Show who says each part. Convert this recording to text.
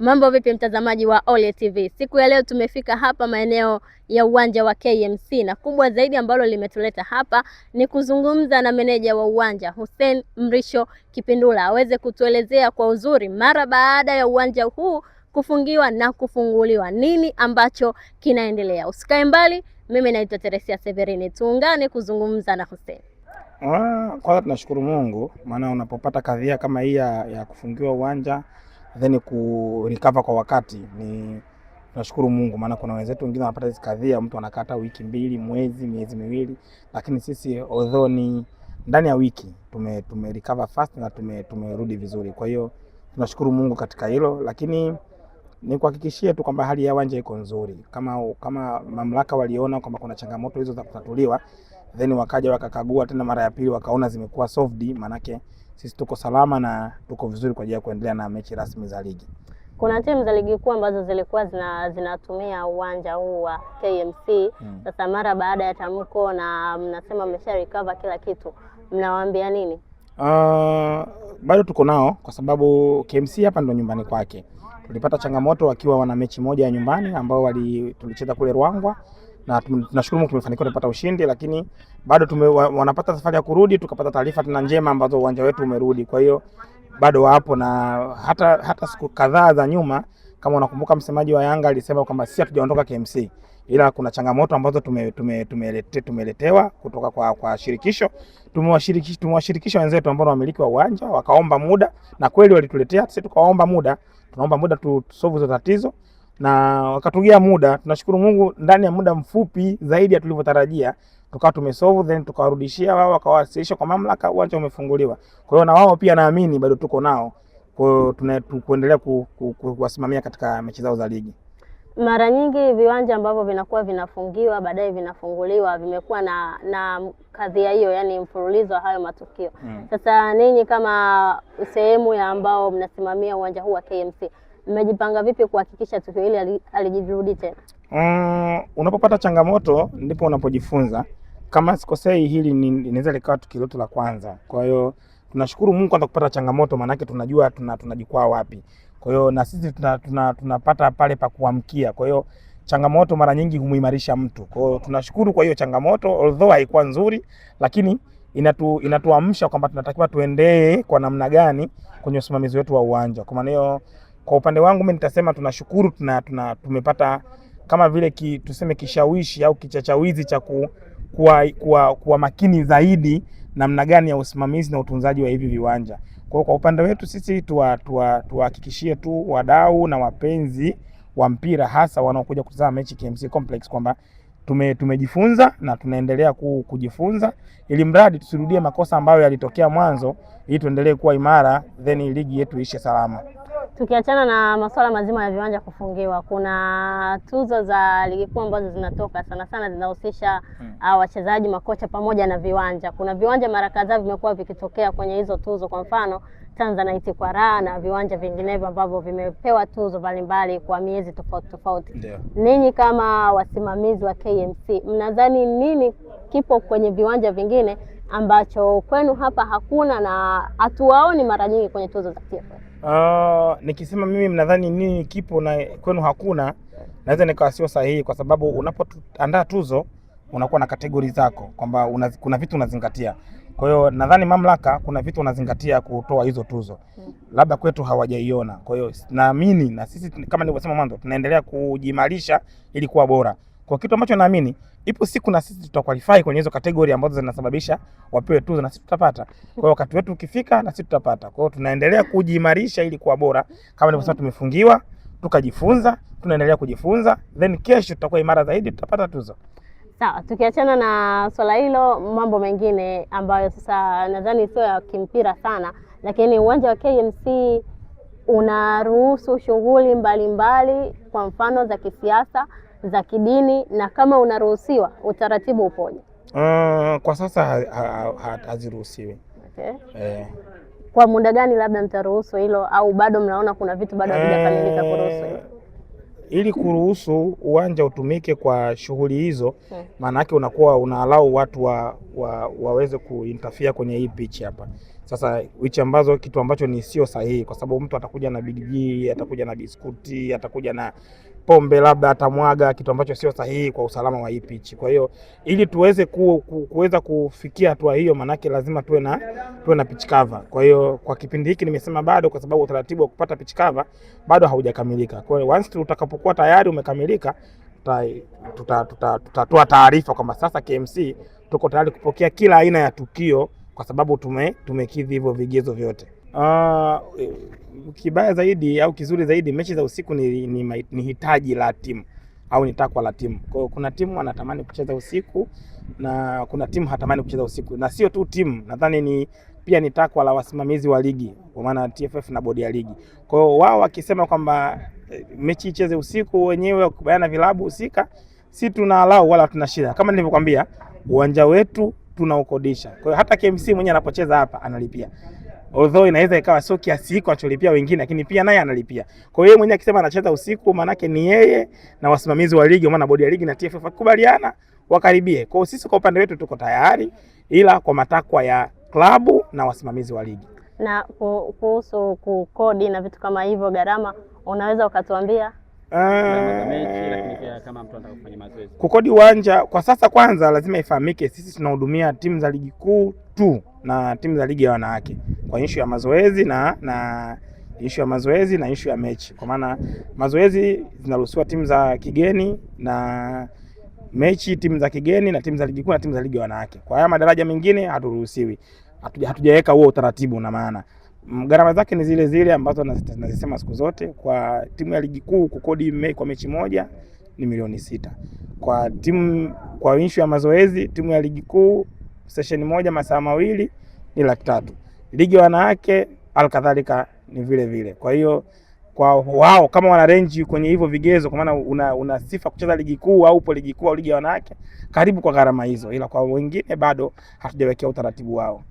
Speaker 1: Mambo vipi mtazamaji wa Ole TV, siku ya leo tumefika hapa maeneo ya uwanja wa KMC na kubwa zaidi ambalo limetuleta hapa ni kuzungumza na meneja wa uwanja Hussein Mrisho Kipindula aweze kutuelezea kwa uzuri mara baada ya uwanja huu kufungiwa na kufunguliwa, nini ambacho kinaendelea. Usikae mbali, mimi naitwa Teresia Severini, tuungane kuzungumza na Hussein.
Speaker 2: Ah, kwanza tunashukuru Mungu, maana unapopata kadhia kama hii ya kufungiwa uwanja then ku recover kwa wakati ni tunashukuru Mungu, maana kuna wenzetu wengine wanapata kadhia, mtu anakata wiki mbili, mwezi, miezi miwili, lakini sisi although ni ndani ya wiki tume, tume recover fast na tume tumerudi vizuri. Kwa hiyo tunashukuru Mungu katika hilo, lakini nikuhakikishie tu kwamba hali ya wanja iko nzuri. Kama, kama mamlaka waliona kwamba kuna changamoto hizo za kutatuliwa, then wakaja wakakagua tena mara ya pili, wakaona zimekuwa softy, maanake sisi tuko salama na tuko vizuri kwa ajili ya kuendelea na mechi rasmi za ligi.
Speaker 1: Kuna timu za ligi kuu ambazo zilikuwa zina, zinatumia uwanja huu wa KMC hmm. sasa hmm. Mara baada ya tamko na mnasema mmesha recover kila kitu, mnawaambia nini?
Speaker 2: Uh, bado tuko nao kwa sababu KMC hapa ndo nyumbani kwake. Tulipata changamoto wakiwa wana mechi moja ya nyumbani ambao wali tulicheza kule Ruangwa na tunashukuru Mungu tumefanikiwa kupata ushindi, lakini bado tume, wanapata safari ya kurudi. Tukapata taarifa tena njema ambazo uwanja wetu umerudi, kwa hiyo bado wapo na hata, hata siku kadhaa za nyuma kama unakumbuka msemaji wa Yanga alisema kwamba sisi hatujaondoka KMC, ila kuna changamoto ambazo tumeletewa tume, tume tumeletewa kutoka kwa, kwa shirikisho. Tumewashirikisha tumewashirikisha wenzetu ambao wamiliki wa uwanja wakaomba muda, na kweli walituletea sisi, tukaomba muda, tunaomba muda tusolve hizo tatizo na wakatugia muda. Tunashukuru Mungu, ndani ya muda mfupi zaidi ya tulivyotarajia tukawa tumesolve, then tukawarudishia wao, wakawasilisha kwa mamlaka, uwanja umefunguliwa. Kwa hiyo na wao pia naamini bado tuko nao, kwa hiyo tunaendelea kuwasimamia katika mechi zao za ligi.
Speaker 1: Mara nyingi viwanja ambavyo vinakuwa vinafungiwa baadaye vinafunguliwa vimekuwa na na kadhia hiyo, yani mfululizo wa hayo matukio. Mm. Sasa mm. ninyi kama sehemu ya ambao mnasimamia uwanja huu wa KMC mmejipanga vipi kuhakikisha tukio hili halijirudi tena?
Speaker 2: Mm, unapopata changamoto ndipo unapojifunza. Kama sikosei, hili inaweza likawa tukio letu la kwanza, kwa hiyo tunashukuru Mungu kwanza kupata changamoto, maanake tunajua tuna tunajikwaa wapi. Kwa hiyo na sisi tunapata tuna, tuna pale pa kuamkia. Kwa hiyo changamoto mara nyingi humuimarisha mtu, kwa hiyo tunashukuru kwa hiyo changamoto, although haikuwa nzuri, lakini inatu, inatuamsha kwamba tunatakiwa tuendee kwa namna gani kwenye usimamizi wetu wa uwanja. Kwa maana hiyo kwa upande wangu mimi nitasema tunashukuru tuna, tuna, tumepata kama vile ki, tuseme kishawishi au kichachawizi cha ku, kuwa, kuwa, kuwa makini zaidi namna gani ya usimamizi na utunzaji wa hivi viwanja. Kwa hiyo kwa upande wetu sisi tuwahakikishie tu, tuwa tu wadau na wapenzi wa mpira hasa wanaokuja kutazama mechi KMC Complex kwamba tume, tumejifunza na tunaendelea ku, kujifunza ili mradi tusirudie makosa ambayo yalitokea mwanzo, ili tuendelee kuwa imara, then ligi yetu ishe salama.
Speaker 1: Tukiachana na masuala mazima ya viwanja kufungiwa, kuna tuzo za ligi kuu ambazo zinatoka sana sana zinahusisha hmm, uh, wachezaji, makocha pamoja na viwanja. Kuna viwanja mara kadhaa vimekuwa vikitokea kwenye hizo tuzo, kwa mfano Tanzanite kwa raha na viwanja vinginevyo ambavyo vimepewa tuzo mbalimbali kwa miezi tofauti tofauti. Ninyi kama wasimamizi wa KMC mnadhani nini kipo kwenye viwanja vingine ambacho kwenu hapa hakuna na hatuwaoni mara nyingi kwenye tuzo za TFF?
Speaker 2: Uh, ah, nikisema mimi mnadhani nini kipo na kwenu hakuna, naweza nikawa sio sahihi, kwa sababu unapoandaa tuzo unakuwa na kategori zako kwamba kuna vitu unazingatia. Kwa hiyo nadhani mamlaka kuna vitu unazingatia kutoa hizo tuzo, hmm. labda kwetu hawajaiona. Kwa hiyo naamini na sisi kama nilivyosema mwanzo, tunaendelea kujimarisha ili kuwa bora kwa kitu ambacho naamini ipo siku na sisi tutakwalify kwenye hizo kategori ambazo zinasababisha wapewe tuzo na sisi tutapata. Kwa hiyo wakati wetu ukifika na sisi tutapata. Kwa hiyo tunaendelea kujiimarisha ili kuwa bora, kama nilivyosema, tumefungiwa tukajifunza, tunaendelea kujifunza, then kesho tutakuwa imara zaidi, tutapata tuzo.
Speaker 1: Sawa, tukiachana na swala hilo, mambo mengine ambayo sasa nadhani sio ya kimpira sana, lakini uwanja wa KMC unaruhusu shughuli mbalimbali, kwa mfano za kisiasa za kidini, na kama unaruhusiwa utaratibu upoje?
Speaker 2: Uh, kwa sasa haziruhusiwi ha, ha, okay.
Speaker 1: Eh. Kwa muda gani labda mtaruhusu hilo au bado mnaona kuna vitu bado havijakamilika eh, kuruhusu hilo?
Speaker 2: Ili kuruhusu uwanja utumike kwa shughuli hizo, hmm. maana yake unakuwa unaalau watu wa, wa, waweze kuintafia kwenye hii pichi hapa. Sasa wichi ambazo kitu ambacho ni sio sahihi, kwa sababu mtu atakuja na bidii, atakuja na biskuti, atakuja na pombe, labda atamwaga kitu ambacho sio sahihi kwa usalama wa hii pichi. Kwa hiyo ili tuweze ku, ku, kuweza kufikia hatua hiyo, manake lazima tuwe na tuwe na pitch cover. Kwa hiyo kwa kipindi hiki nimesema bado, kwa sababu utaratibu wa kupata pitch cover bado haujakamilika. Kwa hiyo once utakapokuwa tayari umekamilika, tutatoa tuta, tuta, tuta taarifa kwamba sasa KMC tuko tayari kupokea kila aina ya tukio kwa sababu tume tumekidhi hivyo vigezo vyote. Uh, kibaya zaidi au kizuri zaidi, mechi za usiku ni, ni, ni hitaji la timu au ni takwa la timu. Kwa kuna timu anatamani kucheza usiku na kuna timu hatamani kucheza usiku, na sio tu timu, nadhani ni pia ni takwa la wasimamizi wa ligi, kwa maana TFF na bodi ya ligi. Kwa hiyo wao wakisema kwamba eh, mechi icheze usiku, wenyewe wakubaliana vilabu husika, si tuna alau wala tuna shida. Kama nilivyokwambia, uwanja wetu tunaokodisha. Kwa hiyo hata KMC mwenyewe anapocheza hapa analipia. Although inaweza ikawa sio kiasi hiko acholipia wengine, lakini pia naye analipia. Kwa hiyo yeye mwenyewe akisema anacheza usiku, maana yake ni yeye na wasimamizi wa ligi, maana bodi ya ligi na TFF wakubaliana wakaribie. Kwa hiyo sisi kwa upande wetu tuko tayari, ila kwa matakwa ya klabu na wasimamizi wa ligi.
Speaker 1: Na kuhusu kukodi na vitu kama hivyo, gharama, unaweza ukatuambia?
Speaker 2: Eh, kukodi uwanja kwa sasa, kwanza lazima ifahamike, sisi tunahudumia timu za ligi kuu tu na timu za ligi ya wanawake kwa ishu ya mazoezi na, na ishu ya mazoezi na ishu ya mechi, kwa maana mazoezi zinaruhusiwa timu za kigeni na mechi timu za kigeni na timu za ligi kuu na timu za ligi ya wanawake. Kwa haya madaraja mengine haturuhusiwi, hatujaweka huo utaratibu na maana Mm, gharama zake ni zile zile ambazo nazisema siku zote. Kwa timu ya ligi kuu kukodi mei kwa mechi moja ni milioni sita. Kwa timu kwa inshu ya mazoezi timu ya ligi kuu sesheni moja masaa mawili ni laki tatu. Ligi wanawake alkadhalika ni vile vile. Kwa hiyo kwa wao kama wana range kwenye hivyo vigezo, kwa maana una, una sifa kucheza ligi kuu au upo ligi kuu au ligi ya wanawake, karibu kwa gharama hizo, ila kwa wengine bado hatujawekea utaratibu wao.